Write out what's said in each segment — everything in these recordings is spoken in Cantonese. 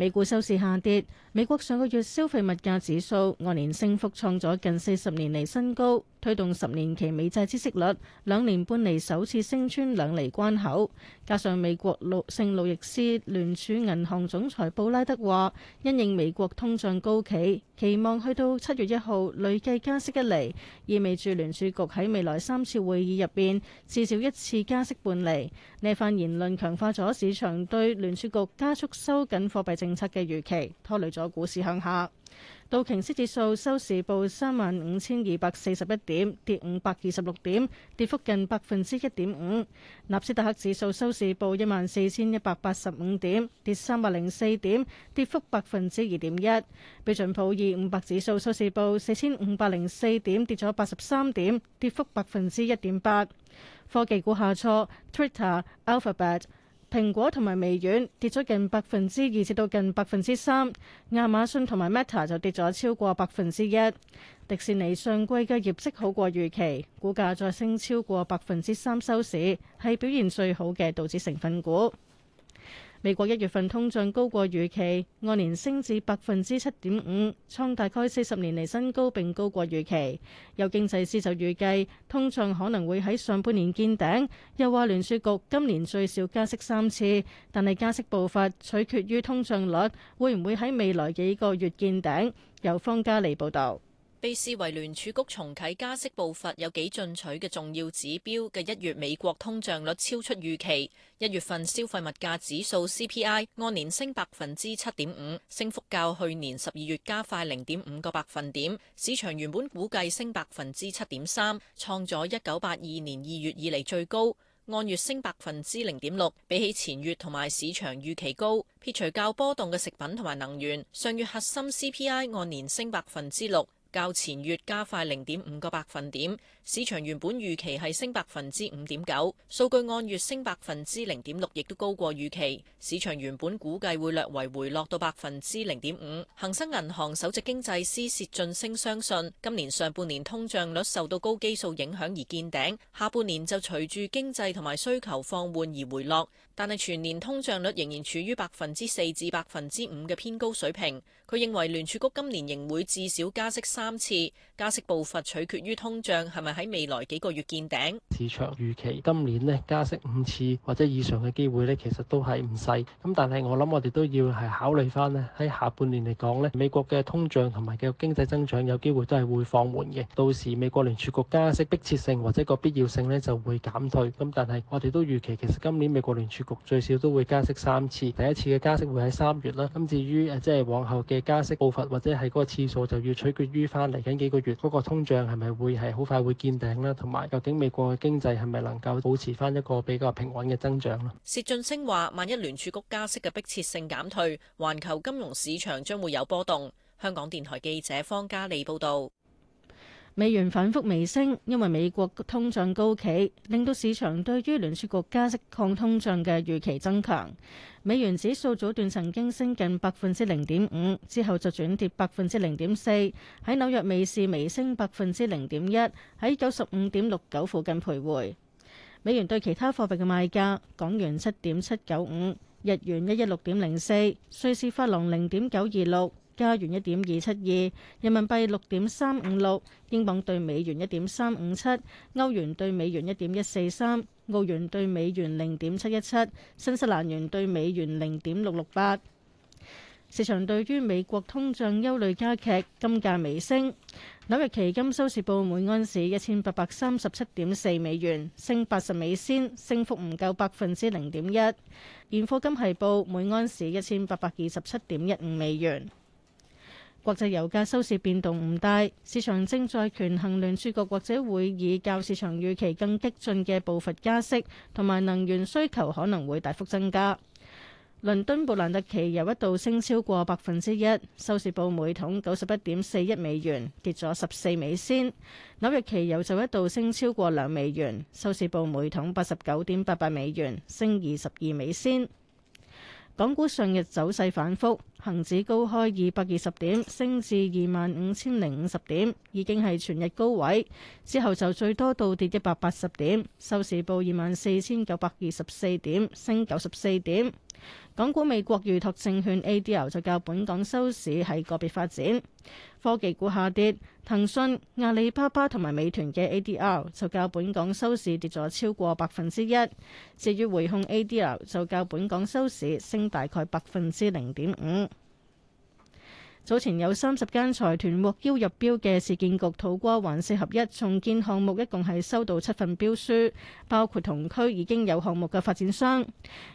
美股收市下跌，美國上個月消費物價指數按年升幅創咗近四十年嚟，新高，推動十年期美債孳息率兩年半嚟首次升穿兩厘關口。加上美國六聖路易斯聯儲銀行總裁布拉德話，因應美國通脹高企，期望去到七月一號累計加息一厘，意味住聯儲局喺未來三次會議入邊至少一次加息半厘，呢番言論強化咗市場對聯儲局加速收緊貨幣政策預測嘅預期拖累咗股市向下。道瓊斯指數收市報三萬五千二百四十一點，跌五百二十六點，跌幅近百分之一點五。納斯達克指數收市報一萬四千一百八十五點，跌三百零四點，跌幅百分之二點一。標準普爾五百指數收市報四千五百零四點，跌咗八十三點，跌幅百分之一點八。科技股下挫，Twitter、Alphabet。蘋果同埋微軟跌咗近百分之二，至到近百分之三。亞馬遜同埋 Meta 就跌咗超過百分之一。迪士尼上季嘅業績好過預期，股價再升超過百分之三收市，係表現最好嘅道指成分股。美國一月份通脹高過預期，按年升至百分之七點五，創大概四十年嚟新高，並高過預期。有經濟師就預計通脹可能會喺上半年見頂，又話聯儲局今年最少加息三次，但係加息步伐取決於通脹率會唔會喺未來幾個月見頂。由方家利報導。被視為聯儲局重啟加息步伐有幾進取嘅重要指標嘅一月美國通脹率超出預期，一月份消費物價指數 CPI 按年升百分之七點五，升幅較去年十二月加快零點五個百分點。市場原本估計升百分之七點三，創咗一九八二年二月以嚟最高，按月升百分之零點六，比起前月同埋市場預期高。撇除較波動嘅食品同埋能源，上月核心 CPI 按年升百分之六。較前月加快零點五個百分點，市場原本預期係升百分之五點九，數據按月升百分之零點六，亦都高過預期。市場原本估計會略為回落到百分之零點五。恒生銀行首席經濟師薛俊升相信，今年上半年通脹率受到高基數影響而見頂，下半年就隨住經濟同埋需求放緩而回落，但係全年通脹率仍然處於百分之四至百分之五嘅偏高水平。佢認為聯儲局今年仍會至少加息三次，加息步伐取決於通脹係咪喺未來幾個月見頂。市場預期今年呢加息五次或者以上嘅機會呢，其實都係唔細。咁但係我諗我哋都要係考慮返呢喺下半年嚟講呢，美國嘅通脹同埋嘅經濟增長有機會都係會放緩嘅。到時美國聯儲局加息迫切性或者個必要性呢就會減退。咁但係我哋都預期其實今年美國聯儲局最少都會加息三次，第一次嘅加息會喺三月啦。咁至於誒即係往後嘅。加息步伐或者係嗰個次數就要取決於翻嚟緊幾個月嗰個通脹係咪會係好快會見頂咧，同埋究竟美國嘅經濟係咪能夠保持翻一個比較平穩嘅增長咧？薛俊清話：萬一聯儲局加息嘅迫切性減退，環球金融市場將會有波動。香港電台記者方嘉莉報導。美元反覆微升，因為美國通脹高企，令到市場對於聯儲局加息抗通脹嘅預期增強，美元指數早段曾經升近百分之零點五，之後就轉跌百分之零點四。喺紐約美市微升百分之零點一，喺九十五點六九附近徘徊。美元對其他貨幣嘅賣價港元七點七九五，日元一一六點零四，瑞士法郎零點九二六。加元一點二七二，人民幣六點三五六，英鎊兌美元一點三五七，歐元兌美元一點一四三，澳元兌美元零點七一七，新西蘭元兌美元零點六六八。市場對於美國通脹憂慮加劇，金價微升。紐約期金收市報每安士一千八百三十七點四美元，升八十美仙，升幅唔夠百分之零點一。現貨金係報每安士一千八百二十七點一五美元。國際油價收市變動唔大，市場正在權衡聯儲局或者會以較市場預期更激進嘅步伐加息，同埋能源需求可能會大幅增加。倫敦布蘭特期油一度升超過百分之一，收市報每桶九十一點四一美元，跌咗十四美仙。紐約期油就一度升超過兩美元，收市報每桶八十九點八八美元，升二十二美仙。港股上日走勢反覆恒指高開二百二十點，升至二萬五千零五十點，已經係全日高位。之後就最多倒跌一百八十點，收市報二萬四千九百二十四點，升九十四點。港股美國預託證券 ADR 就較本港收市係個別發展，科技股下跌，騰訊、阿里巴巴同埋美團嘅 ADR 就較本港收市跌咗超過百分之一，至於匯控 ADR 就較本港收市升大概百分之零點五。早前有三十間財團獲邀入標嘅市建局土瓜灣四合一重建項目，一共係收到七份標書，包括同區已經有項目嘅發展商。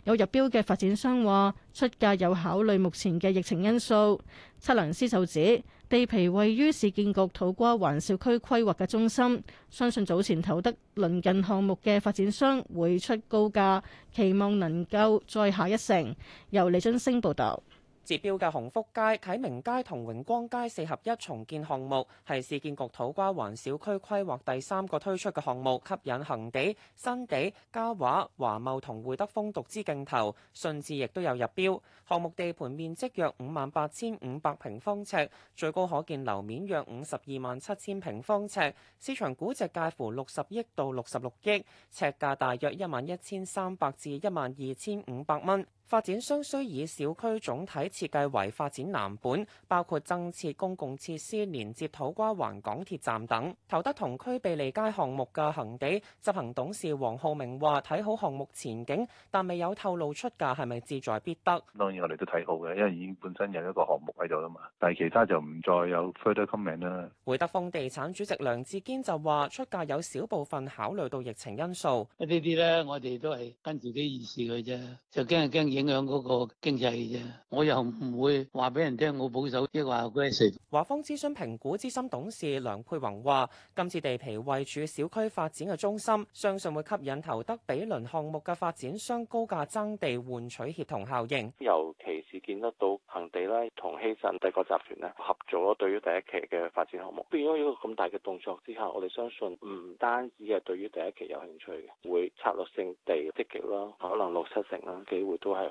有入標嘅發展商話，出價有考慮目前嘅疫情因素。測量師就指，地皮位於市建局土瓜灣小區規劃嘅中心，相信早前投得鄰近項目嘅發展商會出高價，期望能夠再下一城。由李津升報道。折標嘅宏福街、啟明街同榮光街四合一重建項目，係市建局土瓜灣小區規劃第三個推出嘅項目，吸引恒地、新地、嘉華、華茂同匯德豐獨資競投，順治亦都有入標。項目地盤面積約五萬八千五百平方尺，最高可建樓面約五十二萬七千平方尺，市場估值介乎六十億到六十六億，尺價大約一萬一千三百至一萬二千五百蚊。發展商需以小區總體設計為發展藍本，包括增設公共設施、連接土瓜灣港鐵站等。投得同區庇利街項目嘅恒地執行董事黃浩明話：睇好項目前景，但未有透露出價係咪志在必得。當然我哋都睇好嘅，因為已經本身有一個項目喺度啦嘛。但係其他就唔再有 Further comment 啦。會德豐地產主席梁志堅就話：出價有少部分考慮到疫情因素。呢啲啲咧，我哋都係跟自己意思㗎啫，就驚就影響嗰個經濟啫，我又唔會話俾人聽我保守，即係話嗰啲。華方諮詢評估資深董事梁佩宏話，今次地皮位處小區發展嘅中心，相信會吸引投得比鄰項目嘅發展商高價爭地，換取協同效應。尤其是見得到恒地咧同希慎帝國集團咧合作咗，對於第一期嘅發展項目，變咗一個咁大嘅動作之下，我哋相信唔單止係對於第一期有興趣嘅，會策略性地積極咯，可能六七成啦，機會都係。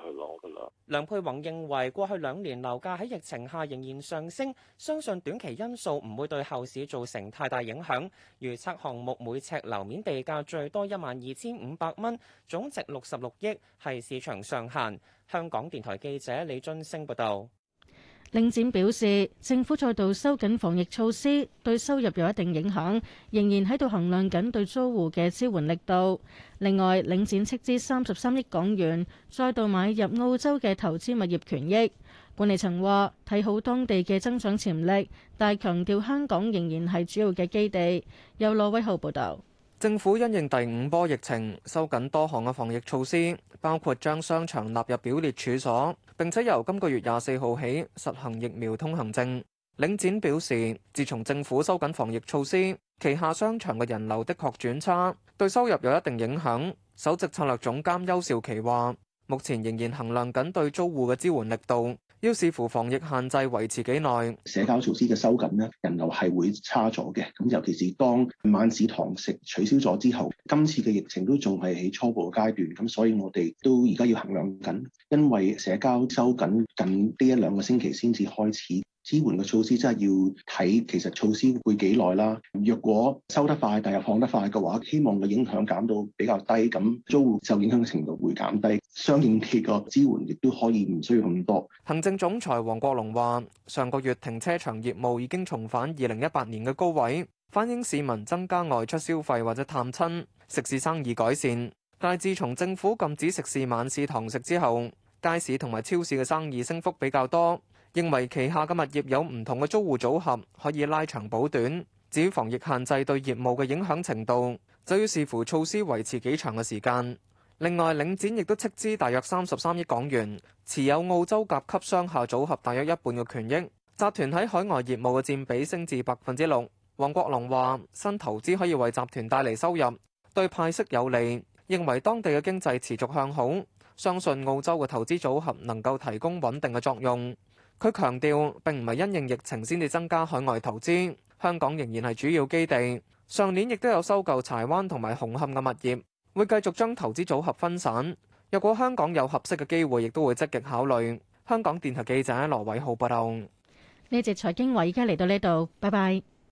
梁佩宏認為，過去兩年樓價喺疫情下仍然上升，相信短期因素唔會對後市造成太大影響。預測項目每尺樓面地價最多一萬二千五百蚊，總值六十六億，係市場上限。香港電台記者李俊升報道。領展表示，政府再度收緊防疫措施，對收入有一定影響，仍然喺度衡量緊對租戶嘅支援力度。另外，領展斥資三十三億港元，再度買入澳洲嘅投資物業權益。管理層話睇好當地嘅增長潛力，但係強調香港仍然係主要嘅基地。有羅威浩報道，政府因應第五波疫情，收緊多項嘅防疫措施，包括將商場納入表列處所。並且由今個月廿四號起實行疫苗通行證。領展表示，自從政府收緊防疫措施，旗下商場嘅人流的確轉差，對收入有一定影響。首席策略總監邱兆琪話，目前仍然衡量緊對租戶嘅支援力度。要視乎防疫限制維持幾耐，社交措施嘅收緊咧，人流係會差咗嘅。咁尤其是當晚市堂食取消咗之後，今次嘅疫情都仲係喺初步階段。咁所以我哋都而家要衡量緊，因為社交收緊近呢一兩個星期先至開始。支援嘅措施真係要睇，其實措施會幾耐啦。若果收得快，但又放得快嘅話，希望個影響減到比較低，咁租戶受影響嘅程度會減低，相應嘅個支援亦都可以唔需要咁多。行政總裁王國龍話，上個月停車場業務已經重返二零一八年嘅高位，反映市民增加外出消費或者探親，食肆生意改善。但係自從政府禁止食肆晚市堂食之後，街市同埋超市嘅生意升幅比較多。認為旗下嘅物業有唔同嘅租戶組合，可以拉長補短。至於防疫限制對業務嘅影響程度，就要視乎措施維持幾長嘅時間。另外，領展亦都斥資大約三十三億港元持有澳洲甲級商廈組合大約一半嘅權益。集團喺海外業務嘅佔比升至百分之六。王國龍話：新投資可以為集團帶嚟收入，對派息有利。認為當地嘅經濟持續向好，相信澳洲嘅投資組合能夠提供穩定嘅作用。佢強調並唔係因應疫情先至增加海外投資，香港仍然係主要基地。上年亦都有收購柴灣同埋紅磡嘅物業，會繼續將投資組合分散。若果香港有合適嘅機會，亦都會積極考慮。香港電台記者羅偉浩報道。呢節財經話依家嚟到呢度，拜拜。